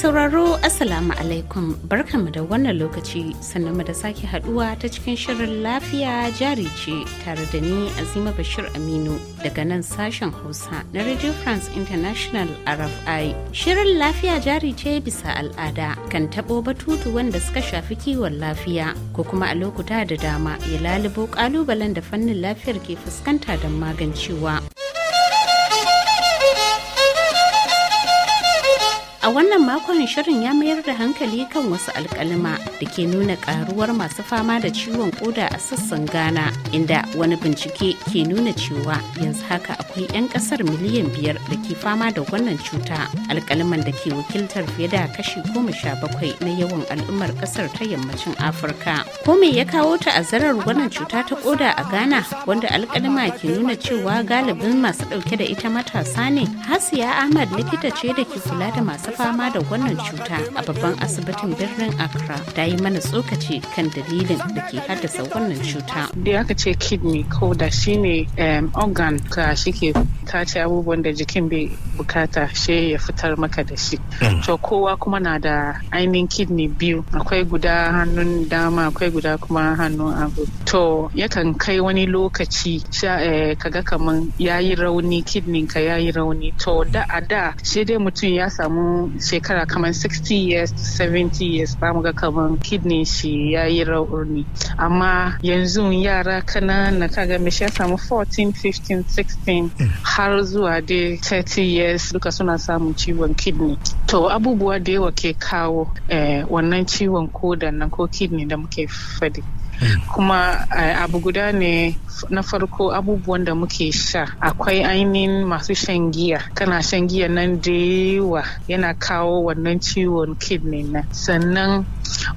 sauraro Assalamu alaikum barkanmu da wannan lokaci sannan da sake haduwa ta cikin shirin lafiya jari ce tare da ni Azima Bashir Aminu daga nan sashen Hausa na Radio France International RFI. Shirin lafiya jari ce bisa al'ada kan tabo batutu wanda suka shafi kiwon lafiya ko kuma a lokuta da dama ya lalubo kalubalen da fannin lafiyar ke fuskanta don magancewa. A wannan makon shirin ya mayar da hankali kan wasu alkalima da ke nuna karuwar masu fama da ciwon koda a sassan Ghana inda wani bincike ke nuna cewa yanzu haka akwai 'yan kasar miliyan biyar da ke fama da wannan cuta alkaliman da ke wakiltar fiye da kashi goma sha bakwai na yawan al'ummar kasar ta yammacin Afirka. Ko me ya kawo ta a zarar wannan cuta ta koda a Ghana wanda alkalima ke nuna cewa galibin masu dauke da ita matasa ne? Hasiya Ahmad likita ce da ke kula da masu fama da wannan cuta a babban asibitin birnin accra ta yi mana tsokaci kan dalilin da ke haddasa wannan cuta da aka ce kidney ko da shi ne organ ka shi shike tace abubuwan da jikin bai bukata shi ya fitar maka da shi hmm. to kowa kuma na da ainihin kidney biyu akwai guda hannun dama akwai guda kuma hannun abu to yakan kai wani lokaci eh, kaga kaman ya yi rauni kidney ka ya yi rauni to da a da shi dai mutum ya samu shekara kamar 60 years 70 years ba mu ga kamar kidney shi ya yi rauni amma yanzu yara kanana kaga mai shi ya samu 14 15 16 har zuwa dai 30 years duka suna samun ciwon kidney to abubuwa da yawa ke kawo eh, wannan ciwon koda nan ko kidney da muke fadi kuma eh, abu guda ne na farko abubuwan da muke sha akwai ainihin masu shan giya kana shan giya nan da yawa yana kawo wannan ciwon kidney na sannan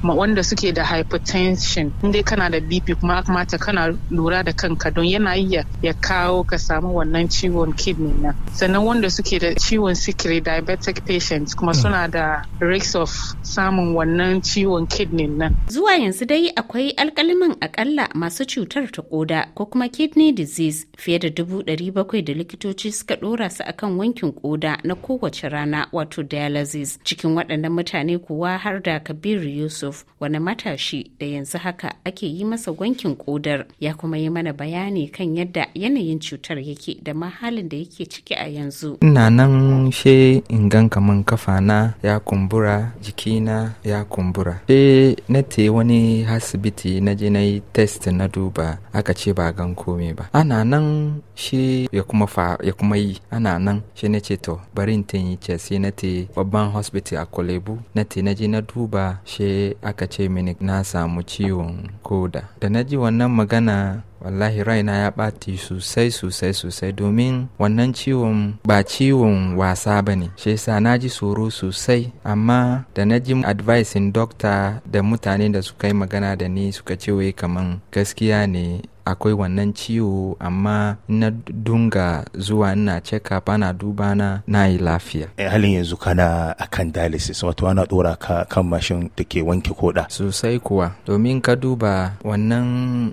wanda suke da hypertension inda kana da bp kuma kamata kana lura da kanka don yana iya ya kawo ka samu wannan ciwon kidney na sannan wanda suke da ciwon sikiri diabetic patients kuma hmm. suna da risk of samun wannan ciwon kidney na zuwa yanzu dai akwai alkalimin akalla masu cutar ta koda ko kuma kidney disease fiye da dubu ɗari bakwai da likitoci suka ɗora su akan wankin koda na kowace rana wato dialysis cikin waɗannan mutane kuwa har da kabiru yusuf wani matashi da yanzu haka ake yi masa wankin kodar ya kuma yi mana bayani kan yadda yanayin cutar yake da ma halin da yake ciki a yanzu ina nan she in gan kaman kafana ya kumbura jikina ya kumbura she na te wani asibiti na je na test na duba aka ce ba gan komai ba ana nan shi ya kuma fa ya yi ana nan shi na ce to bari in yi ce sai na te babban hospital a kolebu na te na je na duba shi aka ce mini na samu ciwon koda da na ji wannan magana wallahi raina ya ɓati sosai sosai sosai domin wannan ciwon ba ciwon wasa ba ne shi yasa na ji tsoro sosai amma da na ji advisin dokta da mutane da suka yi magana da ni suka ce wai kaman gaskiya ne akwai wannan ciwo amma na dunga zuwa ina cika bana duba na na yi lafiya. E, halin yanzu kana akan dialysis wato ana dora ka kan mashin da ke wanke koda. Sosai kuwa domin ka duba wannan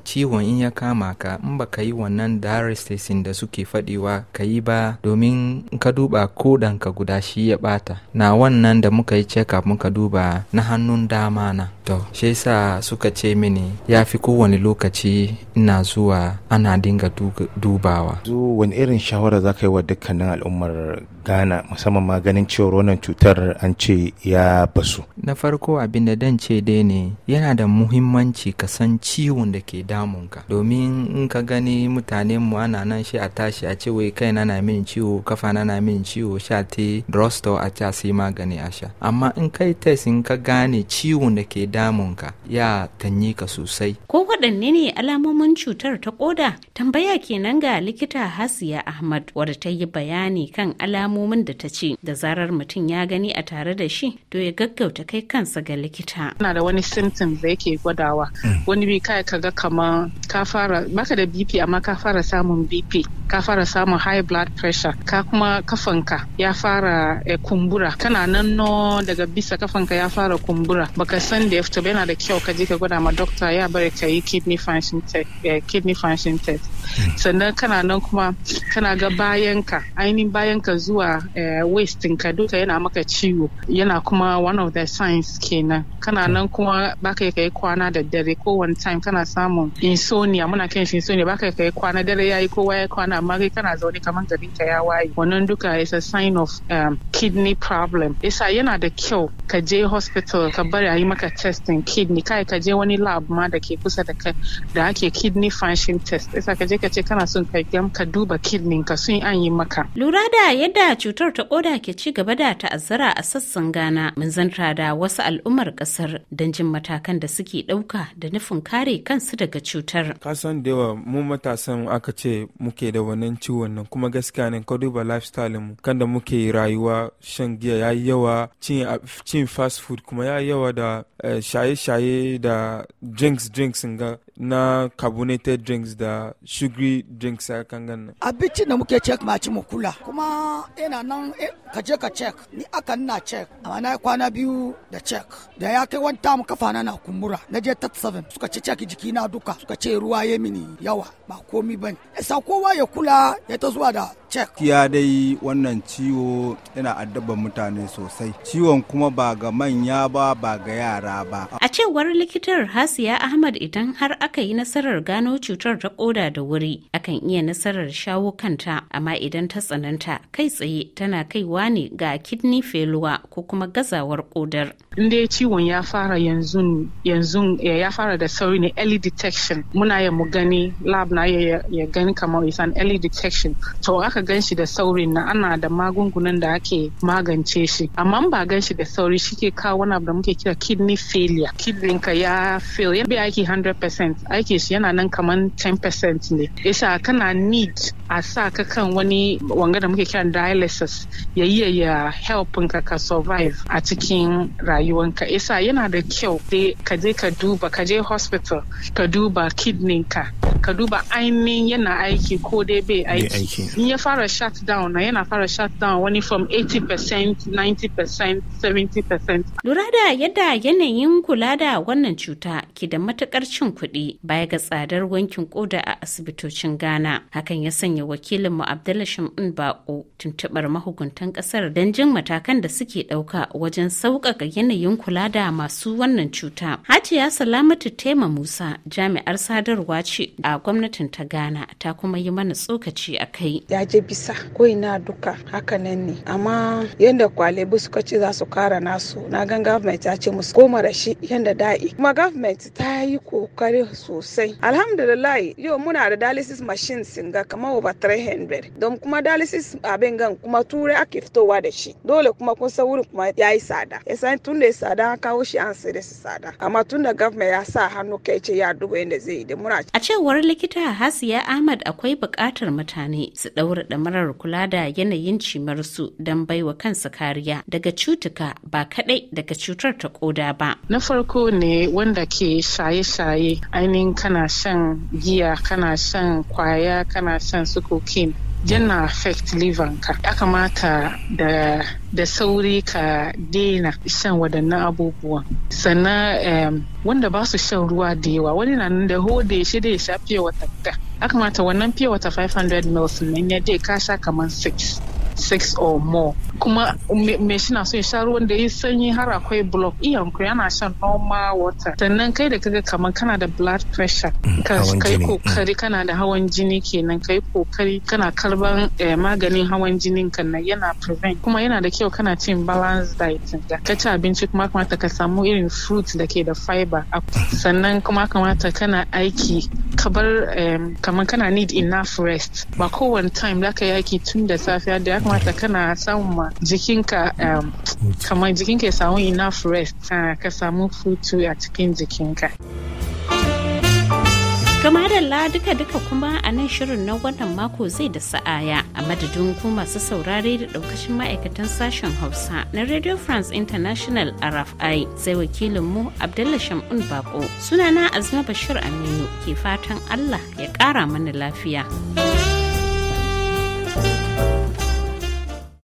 ciwon in ya kama kama ka in ba ka yi wannan diaresis da suke fadewa ka yi ba domin ka duba kodanka guda shi ya bata na wannan da muka yi check up muka duba na hannun dama na to shi yasa suka ce mini ya fi kowane lokaci ina zuwa ana dinga dubawa. Zu wani irin shawara za ka yi wa dukkanin al'ummar ghana musamman ma ganin cewar wannan cutar an ce ya basu na farko abin da dan ce dai ne yana da muhimmanci ka san ciwon da ke damunka domin in ka gani mutane mu ana nan shi a tashi a ce wai kai na min ciwo kafa na min ciwo sha te drugstore a ta sai magani a sha amma in kai test in ka gane ciwon da ke damunka ya tanyi ka sosai ko waɗanne ne alamomin cutar ta koda tambaya kenan ga likita hasiya ahmad wadda ta yi bayani kan alamomin alamomin da ta ce da zarar mutum ya gani a tare da shi to ya gaggauta kai kansa ga likita. Yana da wani symptom da yake gwadawa hmm. wani bi kai ka ga kamar ka fara baka da BP amma ka fara samun BP ka fara samun high blood pressure ka kuma kafanka ya fara eh, kumbura kana nan no daga bisa kafanka ya fara kumbura baka san da ya fito yana da kyau ka je ka gwada ma doctor ya bari ka yi kidney function test eh, kidney function test hmm. sannan kana nan kuma kana ga bayanka ainihin bayanka zuwa zuwa eh, ka duka yana maka ciwo yana kuma one of the signs kenan kana nan kuma baka kai kwana da dare ko one time kana samun insomnia muna kan shi insomnia baka kai kwana dare yayi kowa ya kwana amma kai kana zaune kamar garin ka ya waye wannan duka is a sign of um, kidney problem yasa yana da kyau ka je hospital ka bari a yi maka testing kidney kai ka je wani lab ma da ke kusa da kai da ake kidney function test isa ka je ka ce kana son ka duba kidney ka sun an yi maka lura da yadda yadda cutar ta koda ke ci gaba da ta'azzara a sassan Ghana mun zanta da wasu al'ummar kasar don jin matakan da suke ɗauka da nufin kare kansu daga cutar. Kasan da yawa mu matasan aka ce muke da wannan ciwon nan kuma gaskiya ne ka duba lifestyle mu kan da muke rayuwa shan giya ya yi yawa cin fast food kuma ya yi yawa da eh, shaye-shaye da drinks drinks ga na carbonated drinks da sugary drinks a kan ganin. Abinci da muke cek ci mu kula kuma ina nan eh, ka je ka cek ni aka na cek amma na kwana biyu da cek da ya kai wani tamu kafa na na kumbura na je tat seven suka ce cek jiki na duka suka ce ruwa ya mini yawa ba komi bane sa kowa ya kula ya ta zuwa da cek kiya dai wannan ciwo yana addaban mutane sosai ciwon kuma ba ga manya ba ba ga yara ba a cewar likitar hasiya ahmad idan har aka yi nasarar gano cutar ta koda da wuri akan iya nasarar shawo kanta amma idan ta tsananta kai tsaye tsaye tana kaiwa ne ga kidney failure ko kuma gazawar kodar. In dai ciwon ya fara yanzu eh, ya fara da sauri ne early detection muna ya mu gani lab na ya, gani kamar is an early detection to aka gan shi da sauri na ana da magungunan da ake magance shi amma ba gan shi da sauri shike kawo wani abu da muke kira kidney failure kidney ka ya fail ya bi aiki 100% aiki shi yana nan kamar 10% ne yasa kana need a sa ka kan wani wanga da muke kira dialysis paralysis ya yi ya helpin ka ka survive a cikin rayuwanka isa yana da kyau ka je ka duba ka je hospital ka duba kidney ka ka duba ainihin yana aiki ko dai bai aiki in ya fara shut down na yana fara shut down wani from 80% 90% 70% lura da yadda yanayin kula da wannan cuta ke da matuƙar cin kuɗi baya ga tsadar wankin koda a asibitocin ghana hakan ya sanya wakilinmu abdullah shamun bako tuntubar mahukuntan kasar don jin matakan da suke ɗauka wajen sauƙaƙa yanayin kula da masu wannan cuta hajiya salamatu tema musa jami'ar sadarwa ce a gwamnatin ta ghana ta kuma yi mana tsokaci a kai ya je bisa ko ina duka hakanan ne amma yadda kwalebu suka ce za su kara nasu na gan gavumenti y'a ce musu koma da shi yadda da'i kuma gavumenti ta yi kokari sosai alhamdulillah yau muna da dialysis machine singa kamar over 300 don kuma dialysis abin gan kuma turai ake fitowa da shi dole kuma kun san wurin kuma ya yi tsada ya san tun da ya tsada an kawo shi an sai da su tsada amma tun da gavumenti ya sa hannu kai ce ya duba yadda zai yi da muna a cewa cewar likita Hasiya Ahmad akwai buƙatar mutane su ɗaura ɗamarar kula da yanayin cimarsu don baiwa kansu kariya daga cutuka ba kaɗai daga cutar ta ƙoda ba. Na farko ne wanda ke shaye-shaye ainihin kana shan giya kana shan kwaya kana shan su yana affect livanka ya kamata da da sauri ka daina shan waɗannan abubuwan sannan wanda ba su shan ruwa da yawa wani na nan da hode shi da ya sha fiye wata ya kamata wannan fiye wata 500 ml nan ya dai ka sha kamar 6 6 or more kuma me na so ya sha ruwan da ya sanyi har akwai block iyan ku yana shan normal water sannan kai da kaga kamar kana da blood pressure mm, ka kai mm. kokari kana da hawan jini kenan kai kokari kana karban eh, maganin hawan jinin kan nan yana prevent kuma yana da kyau kana cin balance diet da ka ci abinci kuma kamata ka samu irin fruit da ke da fiber mm. sannan kuma kamata kana aiki ka bar kamar kana need enough rest ba kowane time zaka yaki tun da safiya da ya kamata kana samun ma jikinka kamar jikinka ya samu enough rest ah, ka samu hutu a cikin jikinka. Gama da la duka-duka kuma a nan shirin na wannan mako zai da sa'aya a madadin ku masu saurare da daukashin ma'aikatan sashen Hausa na Radio France International RFI sai wakilin mu Abdullah Shamun Bako. Sunana Azma Bashir Aminu ke fatan Allah ya kara mana lafiya.